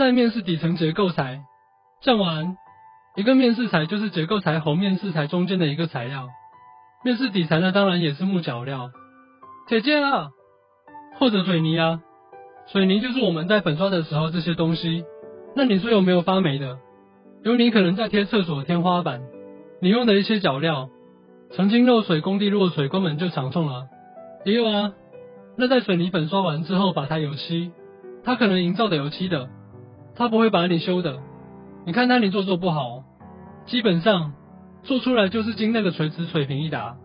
在面飾底層結構材，講完一個面飾材，就是結構材和面飾材中間的一個材料。面飾底材，那當然也是木角料、鐵件啊，或者水泥啊。水泥就是我們在粉刷的時候這些東西。那你說有沒有發霉的？有，你可能在貼廁所的天花板，你用的一些角料，曾經漏水，工地漏水，根本就長蟲了。也有啊。那在水泥粉刷完之後把它油漆，它可能營造的油漆的。他不會把你修的，你看那你做做不好，基本上做出來就是經那個垂直水平一打，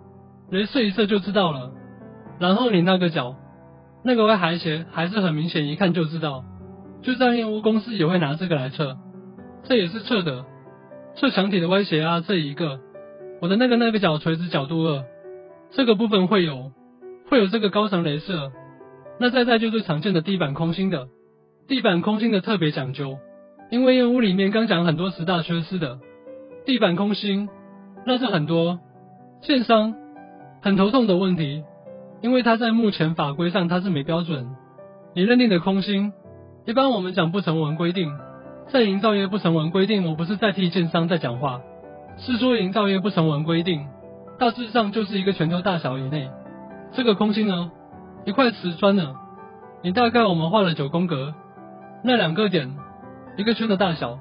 雷射一射就知道了。然後你那個角，那個歪還斜還是很明顯，一看就知道。就算驗屋公司也會拿這個來測，這也是測的，測牆體的歪斜啊，這一個，我的那個那個角垂直角度二，這個部分會有，會有這個高層雷射，那再再就是常見的地板空心的。地板空心的特別講究，因為驗屋裡面剛講很多十大缺失的，地板空心那是很多建商很頭痛的問題，因為它在目前法規上它是沒標準，你認定的空心，一般我們講不成文規定，在營造業不成文規定，我不是在替建商在講話，是說營造業不成文規定，大致上就是一個拳頭大小以內，這個空心呢，一塊瓷磚呢，你大概我們畫了九宮格。那兩個點，一個圈的大小，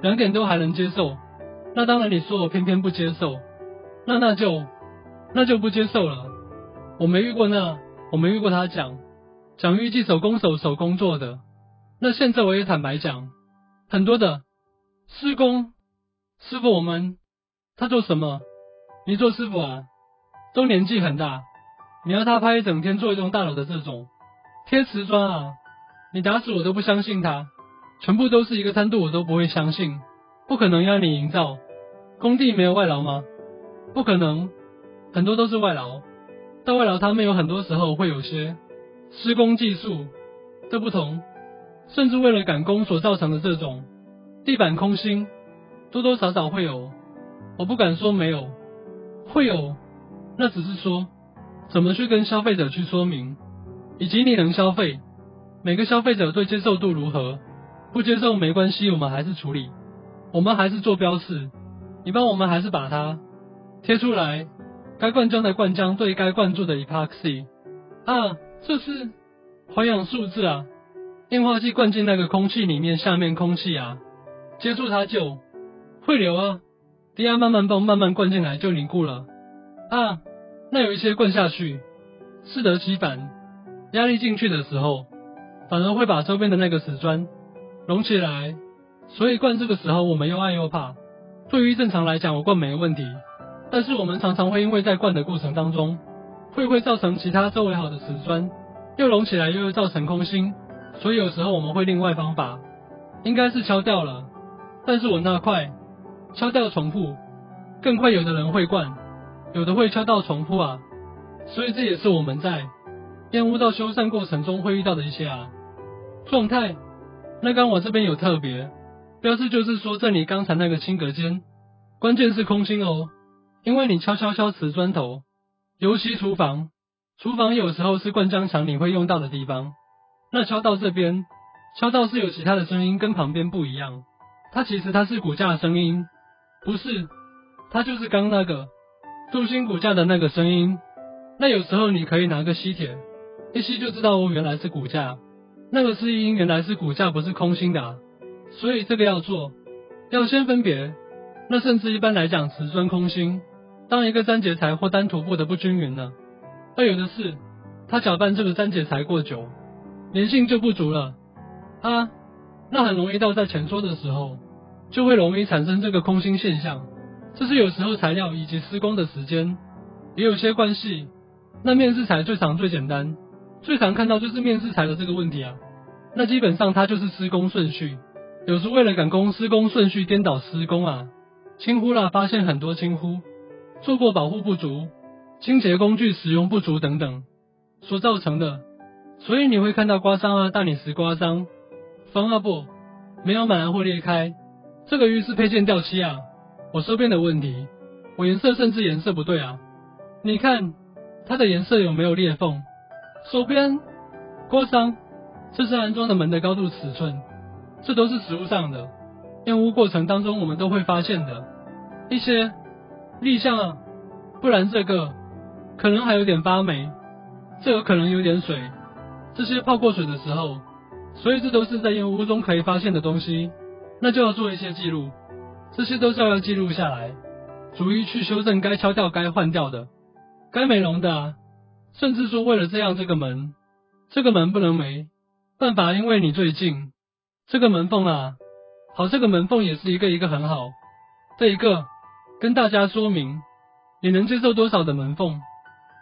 兩點都還能接受。那當然你說我偏偏不接受，那那就那就不接受了。我沒遇過那，我沒遇過他講講預計手工手手工做的。那現在我也坦白講，很多的施工師傅我們他做什麼？你做師傅啊，都年紀很大，你要他拍一整天做一棟大樓的這種貼瓷磚啊。你打死我都不相信他，全部都是一個參度，我都不會相信，不可能。要你營造，工地沒有外勞嗎？不可能，很多都是外勞，但外勞他們有很多時候會有些施工技術這不同，甚至為了趕工所造成的這種地板空心，多多少少會有，我不敢說沒有，會有，那只是說怎麼去跟消費者去說明，以及你能消費。每個消費者對接受度如何？不接受沒關係，我們還是處理，我們還是做標示。一般我們還是把它貼出來。該灌漿的灌漿，對該灌注的 epoxy。啊，這是環氧樹脂啊。硬化劑灌進那個空氣裡面，下面空氣啊，接觸它就會流啊。低壓慢慢泵，慢慢灌進來就凝固了。啊，那有一些灌下去，適得其反。壓力進去的時候。反而會把周邊的那個瓷磚隆起來，所以灌這個時候我們又愛又怕。對於正常來講，我灌沒問題，但是我們常常會因為在灌的過程當中，會會造成其他周圍好的瓷磚又隆起來，又會造成空心，所以有時候我們會另外方法，應該是敲掉了。但是我那塊敲掉重鋪，更快。有的人會灌，有的會敲到重鋪啊，所以這也是我們在建築物修繕過程中會遇到的一些啊。狀態，那剛我這邊有特別標誌，就是說這裡剛才那個輕隔間，關鍵是空心哦，因為你敲敲敲瓷磚頭，尤其廚房，廚房有時候是灌漿牆，你會用到的地方。那敲到這邊，敲到是有其他的聲音，跟旁邊不一樣，它其實它是骨架的聲音，不是，它就是剛那個鍍鋅骨架的那個聲音。那有時候你可以拿個吸鐵，一吸就知道哦，原來是骨架。那個是因為，原來是骨架，不是空心的，啊，所以這個要做，要先分別。那甚至一般來講瓷磚空心，當一個粘結材或單塗布的不均勻了，那有的是它攪拌這個粘結材過久，粘性，就不足了，啊，那很容易到在前桌的時候就會容易產生這個空心現象，這是有時候材料以及施工的時間也有些關係。那面質材最常、最簡單。最常看到就是面試材的這個問題啊，那基本上它就是施工順序，有時為了趕工，施工順序顛倒施工啊，輕忽了發現很多輕忽，做過保護不足，清潔工具使用不足等等所造成的，所以你會看到刮傷啊，大理石刮傷，縫啊不，沒有滿啊，或裂開，這個浴室配件掉漆啊，我收邊的問題，我顏色甚至顏色不對啊，你看它的顏色有沒有裂縫？手邊、鍋上，這是安裝的門的高度尺寸，這都是實物上的。驗屋過程當中，我們都會發現的一些跡象啊，不然這個可能還有點發霉，這有、個、可能有點水，這些泡過水的時候，所以這都是在驗屋中可以發現的東西，那就要做一些記錄，這些都是要記錄下來，逐一去修正該敲掉、該換掉的，該美容的、啊。甚至說為了這樣這個門，這個門不能沒，辦法，因為你最近這個門縫啊，好，這個門縫也是一個一個很好，這一個跟大家說明，你能接受多少的門縫，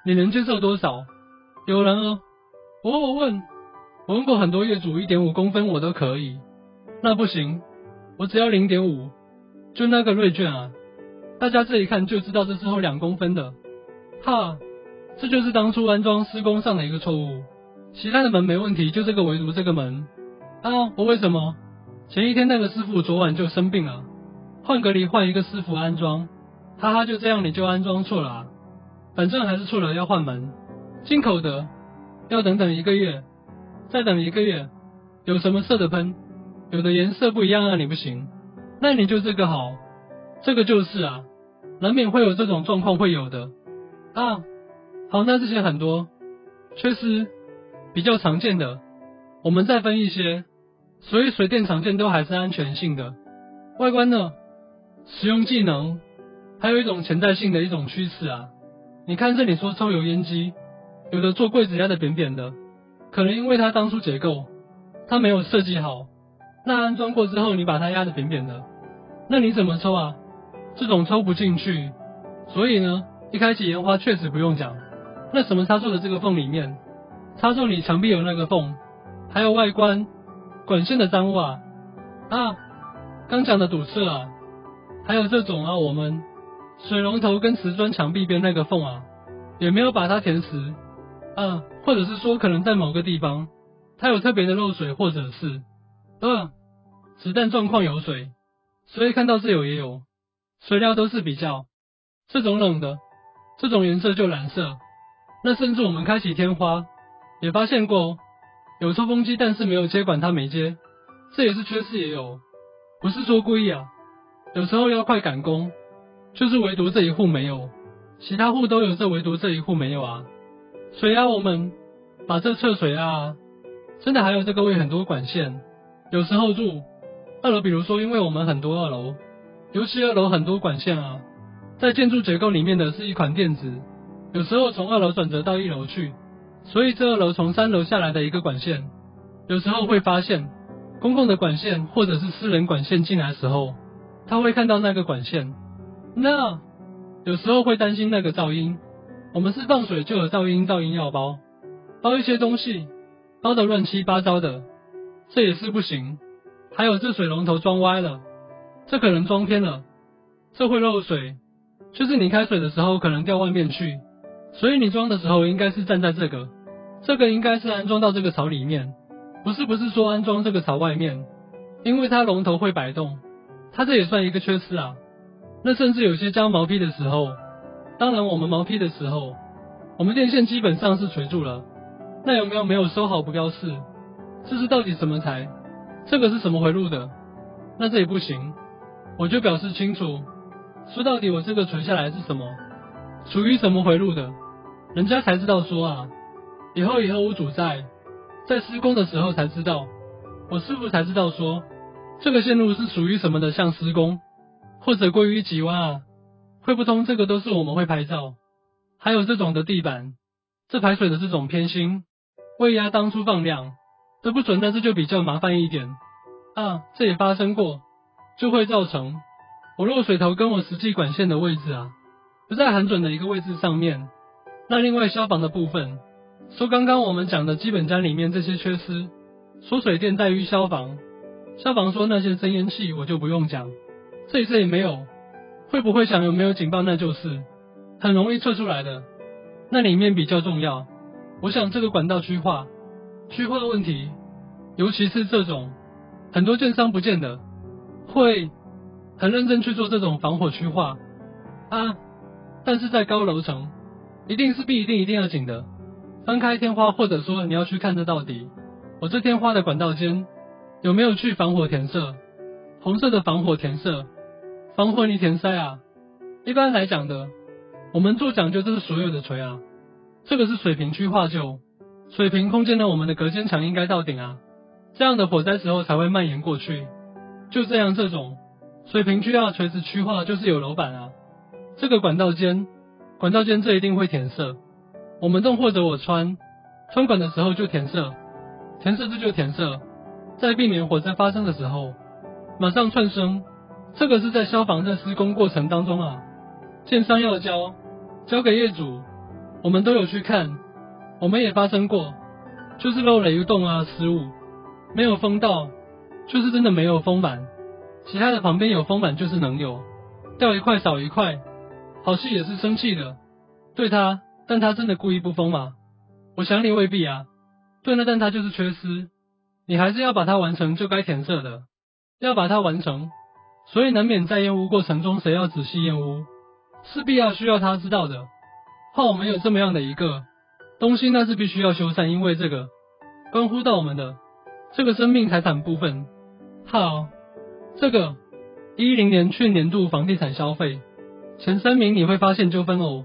你能接受多少？有人哦，哦，我我問，我問過很多業主，一點五公分我都可以，那不行，我只要零點五，就那個銳卷啊，大家這一看就知道這是厚兩公分的，哈。這就是當初安裝施工上的一個錯誤，其他的門沒問題，就這個唯獨這個門啊，不為什麼，前一天那個師傅昨晚就生病了，換隔離換一個師傅安裝，哈哈，就這樣你就安裝錯了啊，反正還是錯了要換門，進口的，要等等一個月，再等一個月，有什麼色的噴，有的顏色不一樣啊你不行，那你就這個好，這個就是啊，難免會有這種狀況會有的啊。好，那這些很多，確實比較常見的，我們再分一些。所以水電常見都還是安全性的，外觀呢，使用技能，還有一種潛在性的一種趨勢啊。你看這裡說抽油煙機，有的做櫃子壓的扁扁的，可能因為它當初結構它沒有設計好，那安裝過之後你把它壓的扁扁的，那你怎麼抽啊？這種抽不進去。所以呢，一開始煙花確實不用講。那什麼插座的這個縫裡面，插座裡牆壁有那個縫，還有外觀，管線的髒污啊，啊，剛講的堵塞、啊，還有這種啊，我們水龍頭跟瓷磚牆壁邊那個縫啊，也沒有把它填實，啊，或者是說可能在某個地方，它有特別的漏水，或者是，啊，子彈狀況有水，所以看到這有也有，水料都是比較這種冷的，這種顏色就藍色。那甚至我們開啟天花，也發現過有抽風機，但是沒有接管，它沒接，這也是缺失也有，不是說故意啊。有時候要快趕工，就是唯獨這一戶沒有，其他戶都有這，這唯獨這一戶沒有啊。水啊，我們把這測水啊，真的還有這個位很多管線，有時候住二樓，比如說因為我們很多二樓，尤其二樓很多管線啊，在建築結構裡面的是一款電子。有時候從二樓轉折到一樓去，所以這二樓從三樓下來的一個管線，有時候會發現公共的管線或者是私人管線進來的時候，他會看到那個管線。那有時候會擔心那個噪音，我們是放水就有噪音，噪音要包，包一些東西，包得亂七八糟的，這也是不行。還有這水龍頭裝歪了，這可能裝偏了，這會漏水，就是你開水的時候可能掉外面去。所以你裝的時候應該是站在這個，這個應該是安裝到這個槽裡面，不是不是說安裝這個槽外面，因為它龍頭會擺動，它，這也算一個缺失啊。那甚至有些交毛坯的時候，當然我們毛坯的時候，我們電線基本上是垂住了，那有沒有沒有收好不標示？這是到底什麼材？這個是什麼回路的？那這也不行，我就表示清楚，說到底我這個垂下來是什麼，屬於什麼回路的？人家才知道說啊，以後以後屋主在，在施工的時候才知道，我師傅才知道說，這個線路是屬於什麼的，像施工或者過於擠挖，會不通這個都是我們會拍照，還有這種的地板，這排水的這種偏心，位壓當初放量都不準，但是就比較麻煩一點啊，這也發生過，就會造成我落水頭跟我實際管線的位置啊，不在很準的一個位置上面。那另外消防的部分，說剛剛我們講的基本家裡面這些缺失，說水電在於消防，消防說那些偵煙器我就不用講，這一次也沒有，會不會響有沒有警報，那就是很容易測出來的，那裡面比較重要，我想這個管道區劃區劃的問題，尤其是這種很多建商不見得會很認真去做這種防火區劃啊，但是在高樓層。一定是必，一定一定要緊的。翻開天花，或者說你要去看這到底。我這天花的管道間有沒有去防火填塞？紅色的防火填塞，防火泥填塞啊。一般來講的，我們做講究就是所有的錘啊，這個是水平區劃就，水平空間的我們的隔間牆應該到頂啊，這樣的火災時候才會蔓延過去。就這樣這種水平區啊，垂直區劃就是有樓板啊，這個管道間。管道間這一定會填色，我們動或者我穿穿管的時候就填色，填色這就填色，在避免火災發生的時候，馬上竄升，這個是在消防在施工過程當中啊，建商要交交給業主，我們都有去看，我們也發生過，就是漏了一個洞啊，失誤，沒有封道，就是真的沒有封板，其他的旁邊有封板就是能有，掉一塊少一塊。好氣也是生氣的，對他，但他真的故意不封嗎？我想你未必啊。對那但他就是缺失，你還是要把它完成，就該填色的，要把它完成。所以難免在驗屋過程中，誰要仔細驗屋，勢必要需要他知道的。怕我們有這麼樣的一個東西，那是必須要修繕，因為這個關乎到我們的這個生命財產部分。好、哦，這個一零年去年度房地產消費。前三名你會發現糾紛哦，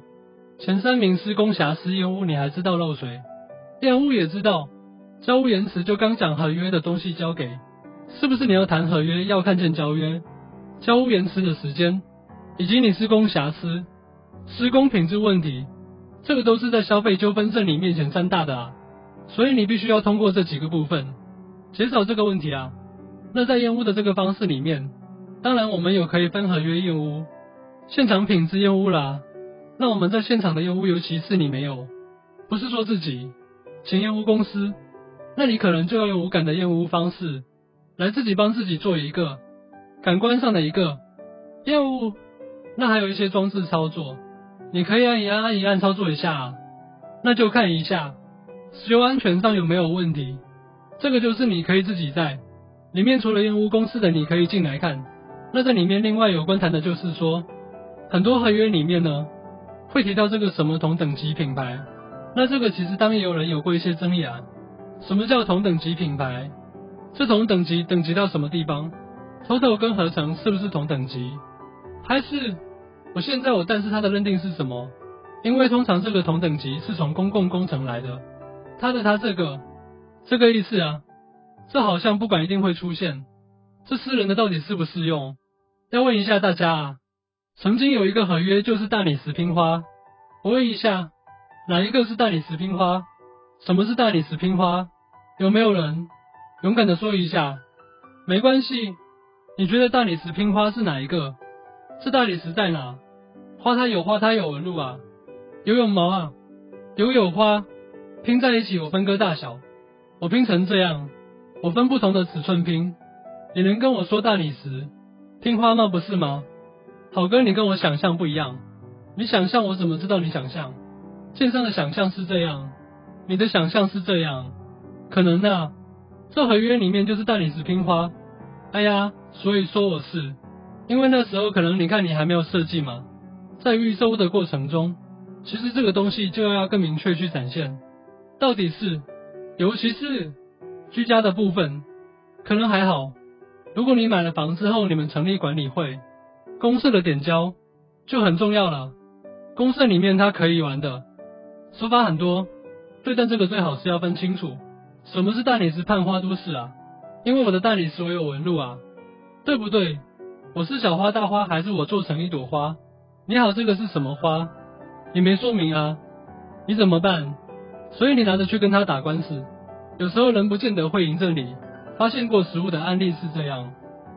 前三名施工瑕疵、驗屋，你還知道漏水、驗屋也知道，交屋延遲就剛講合約的東西交給，是不是你要談合約要看見交約，交屋延遲的時間，以及你施工瑕疵、施工品質問題，這個都是在消費糾紛這裡面前三大的啊，所以你必須要通過這幾個部分，減少這個問題啊。那在驗屋的這個方式裡面，當然我們有可以分合約驗屋。現場品質驗屋啦，那我們在現場的驗屋，尤其是你沒有，不是說自己，請驗屋公司，那你可能就要用無感的驗屋方式，來自己幫自己做一個，感官上的一個驗屋。那還有一些裝置操作，你可以按一按，按一按操作一下啊，那就看一下，使用安全上有沒有問題。這個就是你可以自己在裡面，除了驗屋公司的，你可以進來看。那在裡面另外有關談的就是說。很多合約裡面呢，會提到這個什麼同等級品牌，那這個其實當然也有人有過一些爭議啊。什麼叫同等級品牌？是同等級，等級到什麼地方？TOTO 跟和成是不是同等級？還是我現在我但是他的認定是什麼？因為通常這個同等級是從公共工程來的，他的他這個這個意思啊。這好像不管一定會出現，這私人的到底適不適用？要問一下大家啊。曾經有一個合約，就是大理石拼花。我問一下，哪一個是大理石拼花？什麼是大理石拼花？有沒有人勇敢的說一下？沒關係，你覺得大理石拼花是哪一個？是大理石在哪？花，它有花，它有紋路啊，有有毛啊，有有花拼在一起，有分割大小，我拼成這樣，我分不同的尺寸拼。你能跟我說大理石拼花嗎？不是嗎？好哥，你跟我想象不一樣，你想象我怎麼知道你想象建商的想象是這樣，你的想象是這樣，可能啊，這合約裡面就是大理石拼花。哎呀，所以說我是，因為那時候可能你看你還沒有設計嘛，在預售的過程中，其實這個東西就要要更明確去展現，到底是，尤其是居家的部分，可能還好。如果你買了房之後，你們成立管理會。公設的點交就很重要了，公設裡面它可以玩的手法很多。對，但這個最好是要分清楚，什麼是大理石判花都市啊，因為我的大理石我有紋路啊，對不對？我是小花大花還是我做成一朵花？你好，這個是什麼花？也沒說明啊，你怎麼辦？所以你拿着去跟他打官司，有時候人不見得會贏著你。發現過實物的案例是這樣，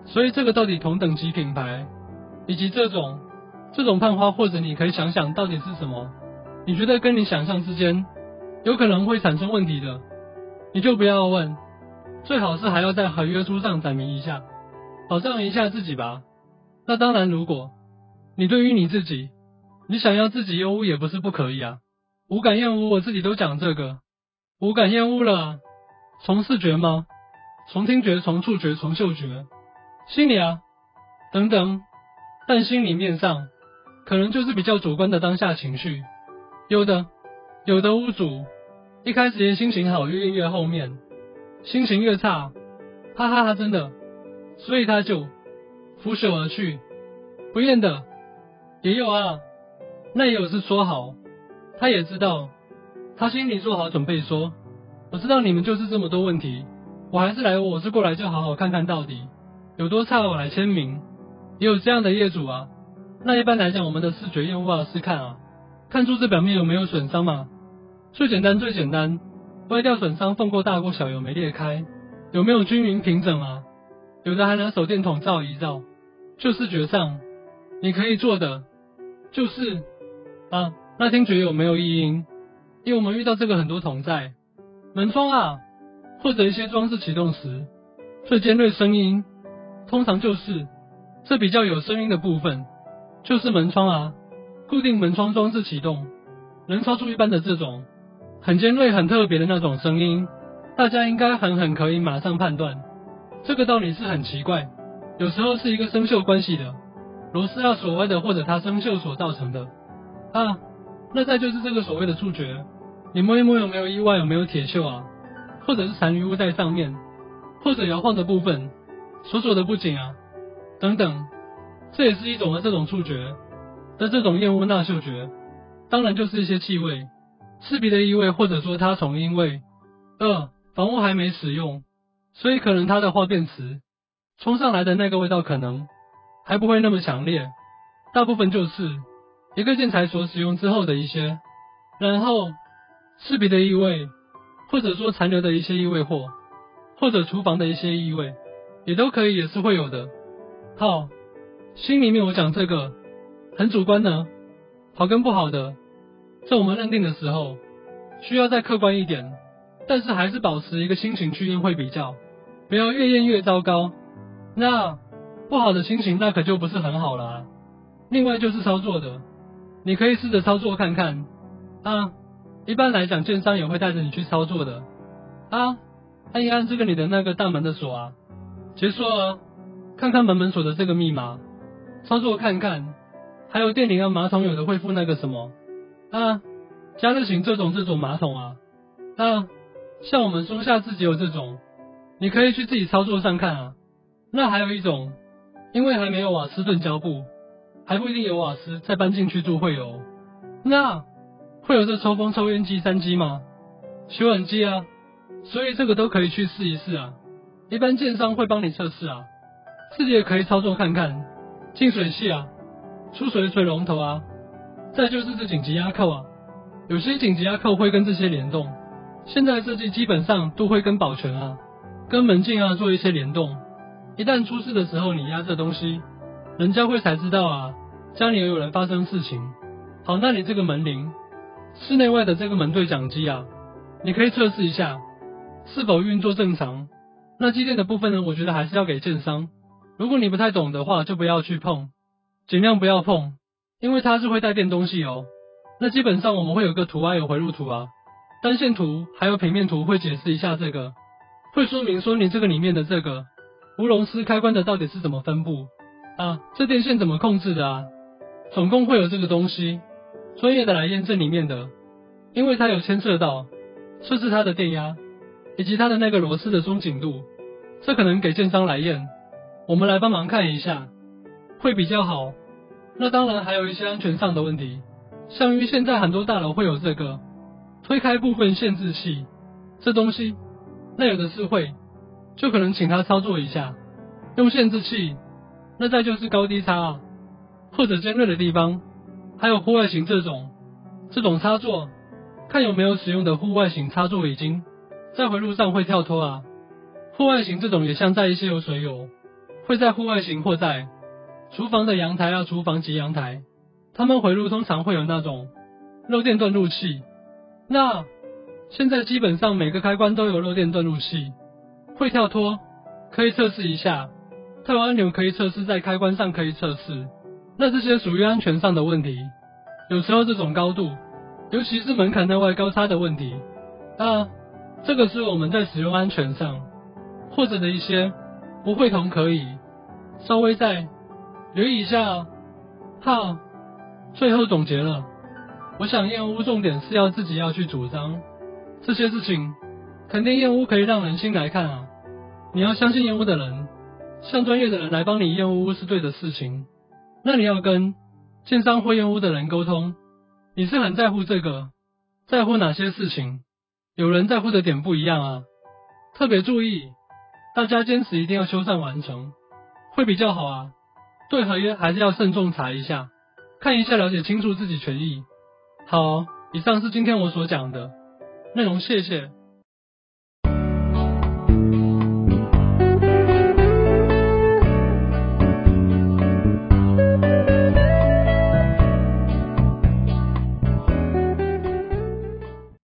所以這個到底同等級品牌？以及這種，這種判花，或者你可以想想到底是什麼？你覺得跟你想象之間有可能會產生問題的，你就不要問，最好是還要在合約書上載明一下，保障一下自己吧。那當然，如果你對於你自己，你想要自己驗屋也不是不可以啊。五感驗屋，我自己都講這個，五感驗屋了，從視覺嗎？從聽覺？從觸覺？從嗅覺？心理啊？等等。但心理面上，可能就是比較主觀的當下情緒。有的，有的屋主一開始也心情好，越驗越後面，心情越差，哈哈哈，真的。所以他就拂袖而去，不驗的也有啊，那也有是說好，他也知道，他心裡做好準備說，我知道你們就是這麼多問題，我還是來，我是過來就好好看看到底有多差，我來簽名。也有這樣的業主啊，那一般來講，我們的視覺驗屋啊是看啊，看柱子表面有沒有損傷嘛，最簡單最簡單，歪掉損傷，縫過大過小有沒裂開，有沒有均勻平整啊，有的還拿手電筒照一照，就視、是、覺上，你可以做的就是啊，那聽覺有沒有異音，因為我們遇到這個很多同在，門窗啊，或者一些裝置啟動時，最尖銳聲音，通常就是。這比較有聲音的部分，就是門窗啊，固定門窗裝置啟動，能超出一般的這種，很尖銳、很特別的那種聲音，大家應該很很可以馬上判斷。這個道理是很奇怪，有時候是一個生鏽關係的螺絲啊、鎖歪的，或者它生鏽所造成的啊。那再就是這個所謂的觸覺，你摸一摸有沒有意外，有沒有鐵鏽啊，或者是殘餘物在上面，或者搖晃的部分，鎖鎖的不緊啊。等等，這也是一種的這種觸覺，的這種厭惡。那嗅覺，當然就是一些氣味，刺鼻的異味，或者說它重因味。二、呃，房屋還沒使用，所以可能它的化便池沖上來的那個味道可能還不會那麼強烈，大部分就是一個建材所使用之後的一些，然後刺鼻的異味，或者說殘留的一些異味或或者廚房的一些異味，也都可以也是會有的。好、哦，心裡面我講這個很主觀呢，好跟不好的，在我們認定的時候，需要再客觀一點，但是還是保持一個心情去驗會比較，不要越驗越糟糕。那不好的心情那可就不是很好了、啊。另外就是操作的，你可以試着操作看看。啊，一般來講，建商也會帶着你去操作的。啊，按一按這個你的那個大門的鎖啊，結束了。看看門門鎖的這個密碼，操作看看，還有電鈴啊，馬桶有的會附那個什麼啊，加熱型這種這種馬桶啊，啊，像我們松下自己有這種，你可以去自己操作上看啊。那還有一種，因為還沒有瓦斯盾膠布，還不一定有瓦斯，再搬進去住會有，那會有這抽風抽煙機三機嗎？洗碗機啊，所以這個都可以去試一試啊，一般建商會幫你測試啊。自己也可以操作看看，淨水器啊，出水水龍頭啊，再就是這緊急壓扣啊，有些緊急壓扣會跟這些聯動。現在設計基本上都會跟保全啊，跟門禁啊做一些聯動。一旦出事的時候，你壓這東西，人家會才知道啊，家裡有有人發生事情。好，那你這個門鈴，室內外的這個門對講機啊，你可以測試一下，是否運作正常。那機電的部分呢，我覺得還是要給建商。如果你不太懂的話，就不要去碰，盡量不要碰，因為它是會帶電東西哦、喔。那基本上我們會有個圖案、啊、有回路圖啊，單線圖還有平面圖會解釋一下這個，會說明說你這個裡面的這個無熔絲開關的到底是怎麼分布啊，這電線怎麼控制的啊，總共會有這個東西，專業的來驗證裡面的，因為它有牽涉到設置它的電壓以及它的那個螺絲的鬆緊度，這可能給建商來驗。我們來幫忙看一下，會比較好。那當然還有一些安全上的問題，像於現在很多大樓會有這個推開部分限制器，這東西那有的是會，就可能請他操作一下，用限制器。那再就是高低差啊，或者尖銳的地方，還有戶外型這種這種插座，看有沒有使用的戶外型插座已經在迴路上會跳脫啊。戶外型這種也像在一些有水友。會在戶外型或在廚房的陽台啊，廚房及陽台，它們回路通常會有那種漏電斷路器。那現在基本上每個開關都有漏電斷路器，會跳脫，可以測試一下。它有按鈕可以測試，在開關上可以測試。那這些屬於安全上的問題。有時候這種高度，尤其是門檻內外高差的問題，啊，這個是我們在使用安全上或者的一些。不會同可以稍微再留意一下哈、啊，最後總結了，我想驗屋重點是要自己要去主張這些事情，肯定驗屋可以讓人心來看啊。你要相信驗屋的人，像專業的人來幫你驗屋是對的事情。那你要跟建商或驗屋的人溝通，你是很在乎這個，在乎哪些事情？有人在乎的點不一樣啊，特別注意。大家堅持一定要修繕完成，會比較好啊。對合約還是要慎重查一下，看一下了解清楚自己權益。好哦，以上是今天我所講的內容，謝謝。